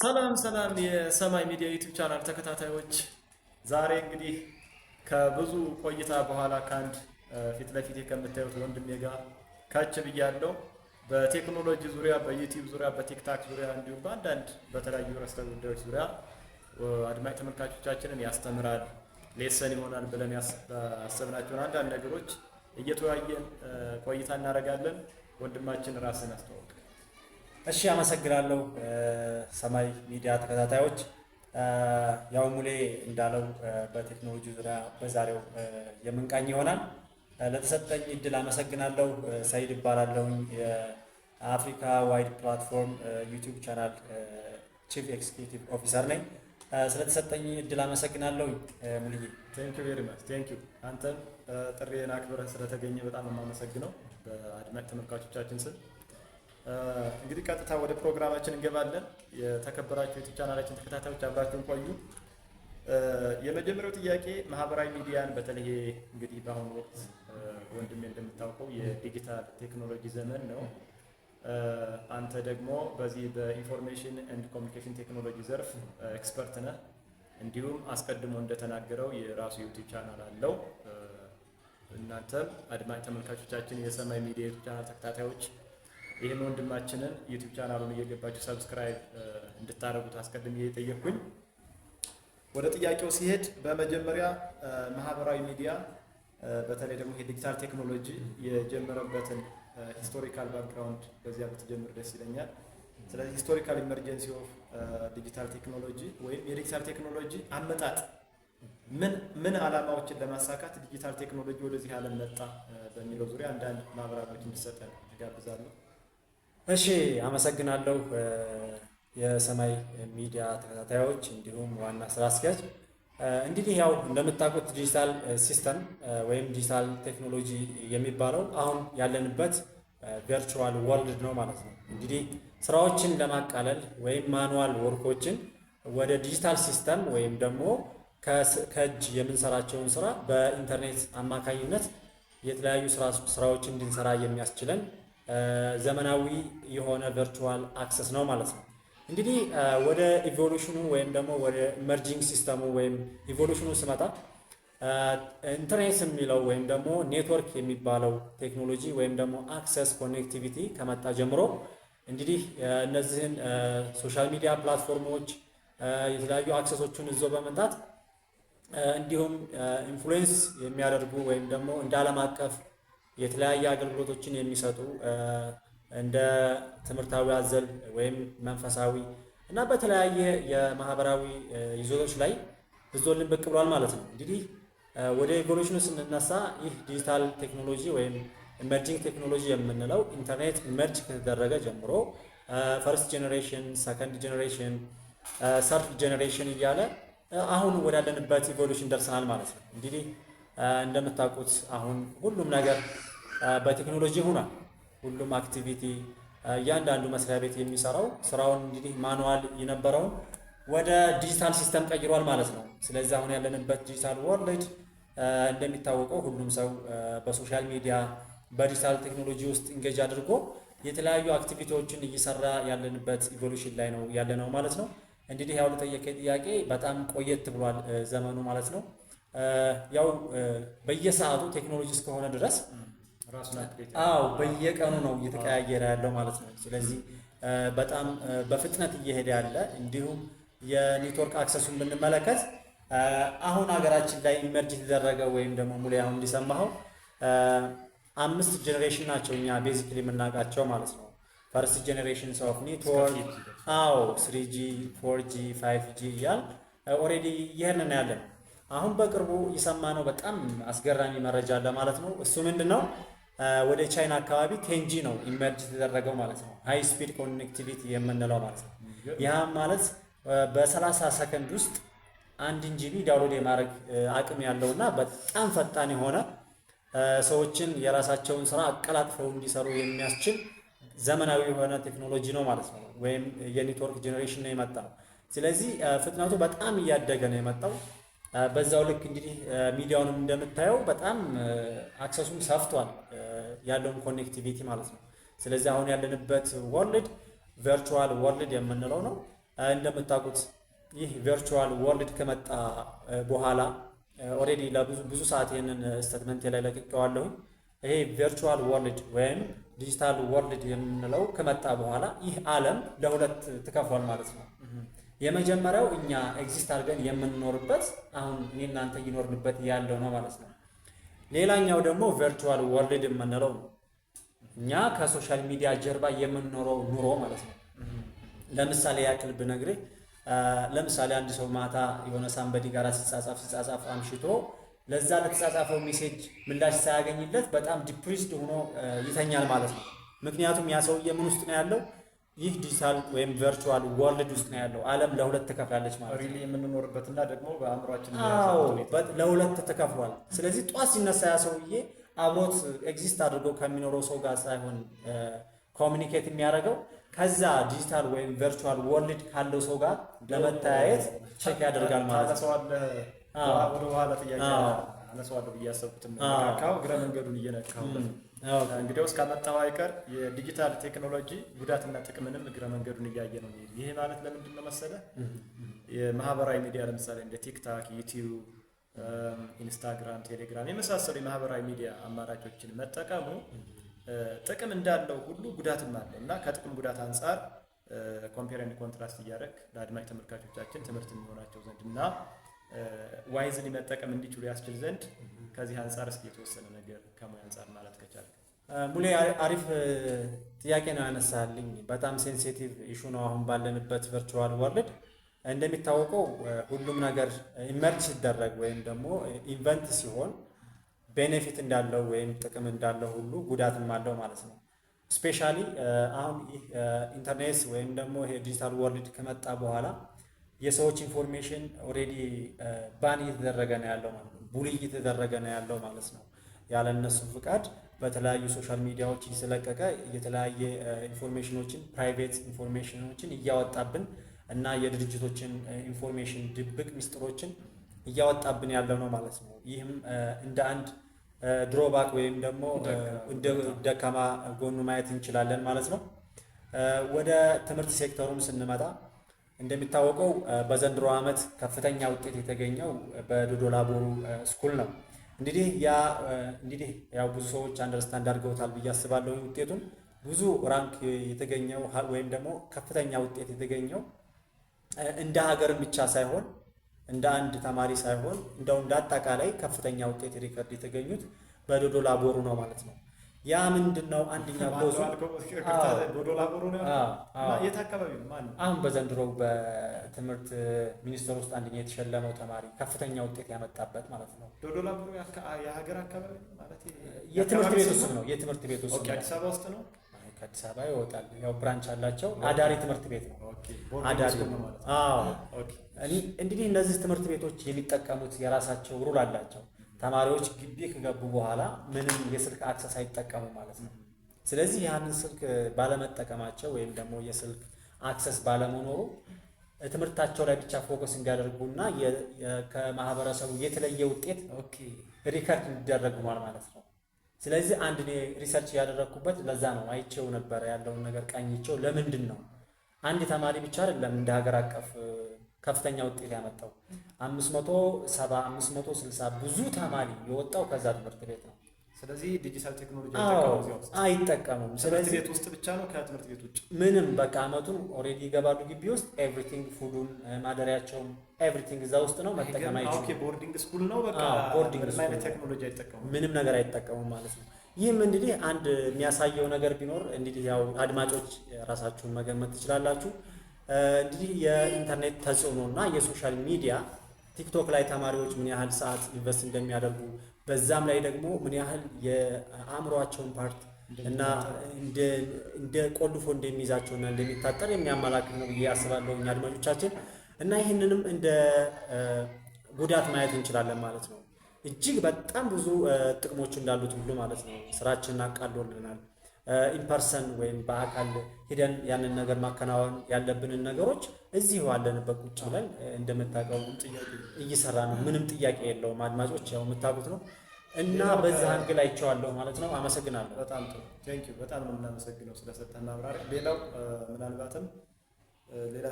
ሰላም ሰላም የሰማይ ሚዲያ ዩቲዩብ ቻናል ተከታታዮች፣ ዛሬ እንግዲህ ከብዙ ቆይታ በኋላ ከአንድ ፊት ለፊት ከምታዩት ወንድሜ ጋር ካች ብያለሁ። በቴክኖሎጂ ዙሪያ፣ በዩቲዩብ ዙሪያ፣ በቲክታክ ዙሪያ እንዲሁም በአንዳንድ በተለያዩ ርዕሰ ጉዳዮች ዙሪያ አድማጭ ተመልካቾቻችንን ያስተምራል፣ ሌሰን ይሆናል ብለን ያሰብናቸውን አንዳንድ ነገሮች እየተወያየን ቆይታ እናደርጋለን። ወንድማችን ራስን አስተዋውቅ። እሺ አመሰግናለሁ። ሰማይ ሚዲያ ተከታታዮች፣ ያው ሙሌ እንዳለው በቴክኖሎጂ ዙሪያ በዛሬው የምንቃኝ ይሆናል። ለተሰጠኝ እድል አመሰግናለሁ። ሰይድ እባላለሁኝ የአፍሪካ ዋይድ ፕላትፎርም ዩቲዩብ ቻናል ቺፍ ኤክስኪዩቲቭ ኦፊሰር ነኝ። ስለተሰጠኝ እድል አመሰግናለሁ ሙልዬ። ቴንኪው ቬሪ ማች ቴንኪው። አንተም ጥሬን አክብረህ ስለተገኘ በጣም የማመሰግነው በአድማጭ ተመልካቾቻችን ስል እንግዲህ ቀጥታ ወደ ፕሮግራማችን እንገባለን። የተከበራችሁ የዩቲዩብ ቻናላችን ተከታታዮች አብራችሁን ቆዩ። የመጀመሪያው ጥያቄ ማህበራዊ ሚዲያን በተለይ እንግዲህ በአሁኑ ወቅት ወንድሜ እንደምታውቀው የዲጂታል ቴክኖሎጂ ዘመን ነው። አንተ ደግሞ በዚህ በኢንፎርሜሽን ኤንድ ኮሚኒኬሽን ቴክኖሎጂ ዘርፍ ኤክስፐርት ነህ። እንዲሁም አስቀድሞ እንደተናገረው የራሱ ዩቲዩብ ቻናል አለው። እናንተም አድማጭ ተመልካቾቻችን የሰማይ ሚዲያ ዩቲዩብ ቻናል ተከታታዮች ይህን ወንድማችንን ዩቲብ ቻናሉን እየገባችሁ ሰብስክራይብ እንድታደርጉት አስቀድሜ የጠየኩኝ ወደ ጥያቄው ሲሄድ በመጀመሪያ ማህበራዊ ሚዲያ በተለይ ደግሞ የዲጂታል ቴክኖሎጂ የጀመረበትን ሂስቶሪካል ባክግራውንድ በዚያ ብትጀምር ደስ ይለኛል። ስለዚህ ሂስቶሪካል ኢመርጀንሲ ኦፍ ዲጂታል ቴክኖሎጂ ወይም የዲጂታል ቴክኖሎጂ አመጣጥ ምን ምን ዓላማዎችን ለማሳካት ዲጂታል ቴክኖሎጂ ወደዚህ ዓለም መጣ በሚለው ዙሪያ አንዳንድ ማብራሪያዎች እንዲሰጠን እጋብዛለሁ። እሺ አመሰግናለሁ። የሰማይ ሚዲያ ተከታታዮች እንዲሁም ዋና ስራ አስኪያጅ እንግዲህ ያው እንደምታውቁት ዲጂታል ሲስተም ወይም ዲጂታል ቴክኖሎጂ የሚባለው አሁን ያለንበት ቨርቹዋል ወርልድ ነው ማለት ነው። እንግዲህ ስራዎችን ለማቃለል ወይም ማኑዋል ወርኮችን ወደ ዲጂታል ሲስተም ወይም ደግሞ ከእጅ የምንሰራቸውን ስራ በኢንተርኔት አማካኝነት የተለያዩ ስራዎችን እንድንሰራ የሚያስችለን ዘመናዊ የሆነ ቨርቹዋል አክሰስ ነው ማለት ነው። እንግዲህ ወደ ኢቮሉሽኑ ወይም ደግሞ ወደ ኢመርጂንግ ሲስተሙ ወይም ኢቮሉሽኑ ስመጣ ኢንተርኔት የሚለው ወይም ደግሞ ኔትወርክ የሚባለው ቴክኖሎጂ ወይም ደግሞ አክሰስ ኮኔክቲቪቲ ከመጣ ጀምሮ እንግዲህ እነዚህን ሶሻል ሚዲያ ፕላትፎርሞች የተለያዩ አክሰሶቹን እዞ በመምጣት እንዲሁም ኢንፍሉዌንስ የሚያደርጉ ወይም ደግሞ እንደ ዓለም አቀፍ የተለያየ አገልግሎቶችን የሚሰጡ እንደ ትምህርታዊ አዘል ወይም መንፈሳዊ እና በተለያየ የማህበራዊ ይዞቶች ላይ ህዝቦልን ብቅ ብሏል ማለት ነው። እንግዲህ ወደ ኢቮሉሽኑ ስንነሳ ይህ ዲጂታል ቴክኖሎጂ ወይም ኢመርጂንግ ቴክኖሎጂ የምንለው ኢንተርኔት ኢመርጅ ከተደረገ ጀምሮ ፈርስት ጀኔሬሽን፣ ሰከንድ ጀኔሬሽን ሰርድ ጀኔሬሽን እያለ አሁን ወዳለንበት ኢቮሉሽን ደርሰናል ማለት ነው። እንግዲህ እንደምታውቁት አሁን ሁሉም ነገር በቴክኖሎጂ ሆኗል። ሁሉም አክቲቪቲ እያንዳንዱ መስሪያ ቤት የሚሰራው ስራውን እንግዲህ ማኑዋል የነበረውን ወደ ዲጂታል ሲስተም ቀይሯል ማለት ነው። ስለዚህ አሁን ያለንበት ዲጂታል ወርልድ እንደሚታወቀው ሁሉም ሰው በሶሻል ሚዲያ በዲጂታል ቴክኖሎጂ ውስጥ እንጌጅ አድርጎ የተለያዩ አክቲቪቲዎችን እየሰራ ያለንበት ኢቮሉሽን ላይ ነው ያለነው ማለት ነው። እንግዲህ ያው ለጠየቀ ጥያቄ በጣም ቆየት ብሏል ዘመኑ ማለት ነው። ያው በየሰዓቱ ቴክኖሎጂ እስከሆነ ድረስ አዎ በየቀኑ ነው እየተቀያየረ ያለው ማለት ነው። ስለዚህ በጣም በፍጥነት እየሄደ ያለ እንዲሁም የኔትወርክ አክሰሱን ብንመለከት አሁን ሀገራችን ላይ ኢመርጅ የተደረገ ወይም ደግሞ ሙሉ አሁን እንዲሰማኸው አምስት ጀኔሬሽን ናቸው እኛ ቤዚክሊ የምናውቃቸው ማለት ነው። ፈርስት ጀኔሬሽን ኦፍ ኔትወርክ አዎ ስሪ ጂ ፎር ጂ ፋይቭ ጂ እያል ኦሬዲ ይህንን ያለን አሁን በቅርቡ የሰማነው በጣም አስገራሚ መረጃ አለ ማለት ነው። እሱ ምንድን ነው? ወደ ቻይና አካባቢ ቴንጂ ነው ኢመርጅ የተደረገው ማለት ነው። ሃይ ስፒድ ኮኔክቲቪቲ የምንለው ማለት ነው። ይህም ማለት በ30 ሰከንድ ውስጥ አንድ ጂቢ ዳውንሎድ የማድረግ አቅም ያለው እና በጣም ፈጣን የሆነ ሰዎችን የራሳቸውን ስራ አቀላጥፈው እንዲሰሩ የሚያስችል ዘመናዊ የሆነ ቴክኖሎጂ ነው ማለት ነው። ወይም የኔትወርክ ጄኔሬሽን ነው የመጣው። ስለዚህ ፍጥነቱ በጣም እያደገ ነው የመጣው። በዛው ልክ እንግዲህ ሚዲያውንም እንደምታየው በጣም አክሰሱም ሰፍቷል። ያለውን ኮኔክቲቪቲ ማለት ነው። ስለዚህ አሁን ያለንበት ወርልድ ቨርቹዋል ወርልድ የምንለው ነው። እንደምታውቁት ይህ ቨርቹዋል ወርልድ ከመጣ በኋላ ኦልሬዲ ለብዙ ብዙ ሰዓት ይህንን ስተትመንት ላይ ለቅቄዋለሁ። ይሄ ቨርቹዋል ወርልድ ወይም ዲጂታል ወርልድ የምንለው ከመጣ በኋላ ይህ ዓለም ለሁለት ትከፏል ማለት ነው። የመጀመሪያው እኛ ኤግዚስት አድርገን የምንኖርበት አሁን እኔ እናንተ እየኖርንበት ያለው ነው ማለት ነው። ሌላኛው ደግሞ ቨርቹዋል ወርልድ የምንለው ነው። እኛ ከሶሻል ሚዲያ ጀርባ የምንኖረው ኑሮ ማለት ነው። ለምሳሌ ያክል ብነግርህ ለምሳሌ አንድ ሰው ማታ የሆነ ሳምበዲ ጋር ሲጻጻፍ ሲጻጻፍ አምሽቶ ለዛ ለተጻጻፈው ሜሴጅ ምላሽ ሳያገኝለት በጣም ዲፕሪስድ ሆኖ ይተኛል ማለት ነው። ምክንያቱም ያ ሰውዬ ምን ውስጥ ነው ያለው? ይህ ዲጂታል ወይም ቨርቹዋል ወርልድ ውስጥ ነው ያለው። ዓለም ለሁለት ተከፍላለች ማለት ነው። የምንኖርበትና ደግሞ በአእምሯችን ለሁለት ተከፍሏል። ስለዚህ ጧት ሲነሳ ያ ሰውዬ አብሮት ኤግዚስት አድርገው ከሚኖረው ሰው ጋር ሳይሆን ኮሚኒኬት የሚያደርገው ከዛ ዲጂታል ወይም ቨርቹዋል ወርልድ ካለው ሰው ጋር ለመተያየት ቼክ ያደርጋል ማለት ነው። ወደኋላ ጥያቄ አነሳዋለሁ ብዬ ያሰብኩትን እግረ መንገዱን እየነካሁ እንግዲህ ውስጥ አይቀር የዲጂታል ቴክኖሎጂ ጉዳትና ጥቅምንም እግረ መንገዱን እያየ ነው። ይሄ ማለት ለምንድን ነው መሰለ የማህበራዊ ሚዲያ ለምሳሌ እንደ ቲክታክ፣ ዩቲዩብ፣ ኢንስታግራም፣ ቴሌግራም የመሳሰሉ የማህበራዊ ሚዲያ አማራጮችን መጠቀሙ ጥቅም እንዳለው ሁሉ ጉዳትም አለ እና ከጥቅም ጉዳት አንጻር ኮምፔር ኤንድ ኮንትራስት እያደረግ ለአድማጭ ተመልካቾቻችን ትምህርት የሚሆናቸው ዘንድ እና ዋይዝሊ መጠቀም እንዲችሉ ያስችል ዘንድ ከዚህ አንጻር እስኪ የተወሰነ ነገር ከሙያ አንጻር ማለት ከቻልክ። ሙሌ አሪፍ ጥያቄ ነው ያነሳልኝ። በጣም ሴንሲቲቭ ኢሹ ነው አሁን ባለንበት ቨርቹዋል ወርልድ። እንደሚታወቀው ሁሉም ነገር ኢመርጅ ሲደረግ ወይም ደግሞ ኢንቨንት ሲሆን ቤኔፊት እንዳለው ወይም ጥቅም እንዳለው ሁሉ ጉዳትም አለው ማለት ነው። ስፔሻሊ አሁን ኢንተርኔት ወይም ደግሞ ይሄ ዲጂታል ወርልድ ከመጣ በኋላ የሰዎች ኢንፎርሜሽን ኦልሬዲ ባን እየተደረገ ነው ያለው ማለት ነው። ቡሊ እየተደረገ ነው ያለው ማለት ነው። ያለ እነሱ ፍቃድ በተለያዩ ሶሻል ሚዲያዎች እየተለቀቀ የተለያየ ኢንፎርሜሽኖችን ፕራይቬት ኢንፎርሜሽኖችን እያወጣብን እና የድርጅቶችን ኢንፎርሜሽን ድብቅ ሚስጥሮችን እያወጣብን ያለው ነው ማለት ነው። ይህም እንደ አንድ ድሮባክ ወይም ደግሞ ደካማ ጎኑ ማየት እንችላለን ማለት ነው። ወደ ትምህርት ሴክተሩም ስንመጣ እንደሚታወቀው በዘንድሮ ዓመት ከፍተኛ ውጤት የተገኘው በዶዶ ላቦሩ ስኩል ነው። እንግዲህ ያ እንግዲህ ያው ብዙ ሰዎች አንደርስታንድ አድርገውታል ብዬ አስባለሁ። ውጤቱን ብዙ ራንክ የተገኘው ወይም ደግሞ ከፍተኛ ውጤት የተገኘው እንደ ሀገር ብቻ ሳይሆን እንደ አንድ ተማሪ ሳይሆን እንደው እንደ አጠቃላይ ከፍተኛ ውጤት ሪከርድ የተገኙት በዶዶ ላቦሩ ነው ማለት ነው። ያ ምንድን ነው? አንደኛ አካባቢ አሁን በዘንድሮ በትምህርት ሚኒስቴር ውስጥ አንደኛ የተሸለመው ተማሪ ከፍተኛ ውጤት ያመጣበት ማለት ነው። የሀገር አካባቢ የትምህርት ቤት ውስጥ ነው። የትምህርት ቤት ውስጥ አዲስ አበባ ውስጥ ነው። ከአዲስ አበባ ይወጣል። ያው ብራንች አላቸው። አዳሪ ትምህርት ቤት ነው። አዳሪ እንግዲህ እነዚህ ትምህርት ቤቶች የሚጠቀሙት የራሳቸው ሩል አላቸው። ተማሪዎች ግቢ ከገቡ በኋላ ምንም የስልክ አክሰስ አይጠቀሙ ማለት ነው። ስለዚህ ያንን ስልክ ባለመጠቀማቸው ወይም ደግሞ የስልክ አክሰስ ባለመኖሩ ትምህርታቸው ላይ ብቻ ፎከስ እንዲያደርጉና ከማህበረሰቡ የተለየ ውጤት ሪከርድ እንዲደረጉ ማለት ነው። ስለዚህ አንድ እኔ ሪሰርች ያደረግኩበት ለዛ ነው። አይቼው ነበረ ያለውን ነገር ቃኝቼው፣ ለምንድን ነው አንድ ተማሪ ብቻ አይደለም እንደ ሀገር አቀፍ ከፍተኛ ውጤት ያመጣው አምስት መቶ ብዙ ተማሪ የወጣው ከዛ ትምህርት ቤት ነው። ስለዚህ ዲጂታል ቴክኖሎጂ አይጠቀሙም። ስለዚህ ቤት ውስጥ ብቻ ነው ከትምህርት ቤት ውጭ ምንም በቃ አመቱን ኦልሬዲ ይገባሉ ግቢ ውስጥ ኤቭሪቲንግ ፉዱን፣ ማደሪያቸውም ኤቭሪቲንግ እዛ ውስጥ ነው። መጠቀም አይችሉም። ኦኬ ቦርዲንግ ስኩል ነው። በቃ ቦርዲንግ ስኩል ቴክኖሎጂ አይጠቀሙም። ምንም ነገር አይጠቀሙም ማለት ነው። ይህም እንግዲህ አንድ የሚያሳየው ነገር ቢኖር እንግዲህ ያው አድማጮች ራሳችሁን መገመት ትችላላችሁ እንግዲህ የኢንተርኔት ተጽዕኖ እና የሶሻል ሚዲያ ቲክቶክ ላይ ተማሪዎች ምን ያህል ሰዓት ኢንቨስት እንደሚያደርጉ በዛም ላይ ደግሞ ምን ያህል የአእምሯቸውን ፓርት እና እንደ ቆልፎ እንደሚይዛቸውና እንደሚታጠር የሚያመላክት ነው ብዬ አስባለሁ አድማጮቻችን። እና ይህንንም እንደ ጉዳት ማየት እንችላለን ማለት ነው። እጅግ በጣም ብዙ ጥቅሞች እንዳሉት ሁሉ ማለት ነው። ስራችንን አቃሎልናል። ኢንፐርሰን ወይም በአካል ሂደን ያንን ነገር ማከናወን ያለብንን ነገሮች እዚህ አለንበት ቁጭ ብለን እንደምታውቀው እየሰራ ነው። ምንም ጥያቄ የለውም። አድማጮች ያው የምታውቁት ነው እና በዛ ላይ ይቸዋለሁ ማለት ነው። አመሰግናለሁ። በጣም ጥሩ በጣም ነው የምናመሰግነው ስለሰጠን ማብራሪያ። ሌላው ምናልባትም ሌላ